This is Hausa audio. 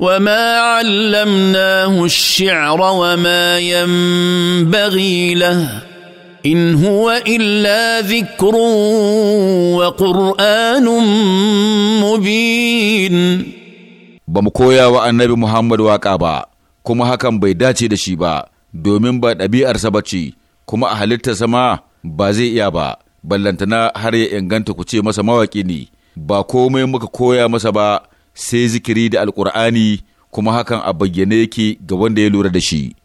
وما علمناه الشعر وما ينبغي له ان هو الا ذكر وقران مبين ba mu koya wa annabi Muhammad waƙa ba, kuma hakan bai dace da shi ba, domin ba ɗabi'arsa ba ce, kuma a halittarsa ma ba zai iya ba, ballantana har ya inganta ku ce masa mawaƙi ne, ba komai muka koya masa ba, sai zikiri da alkur'ani kuma hakan a bayyane yake ga wanda ya lura da shi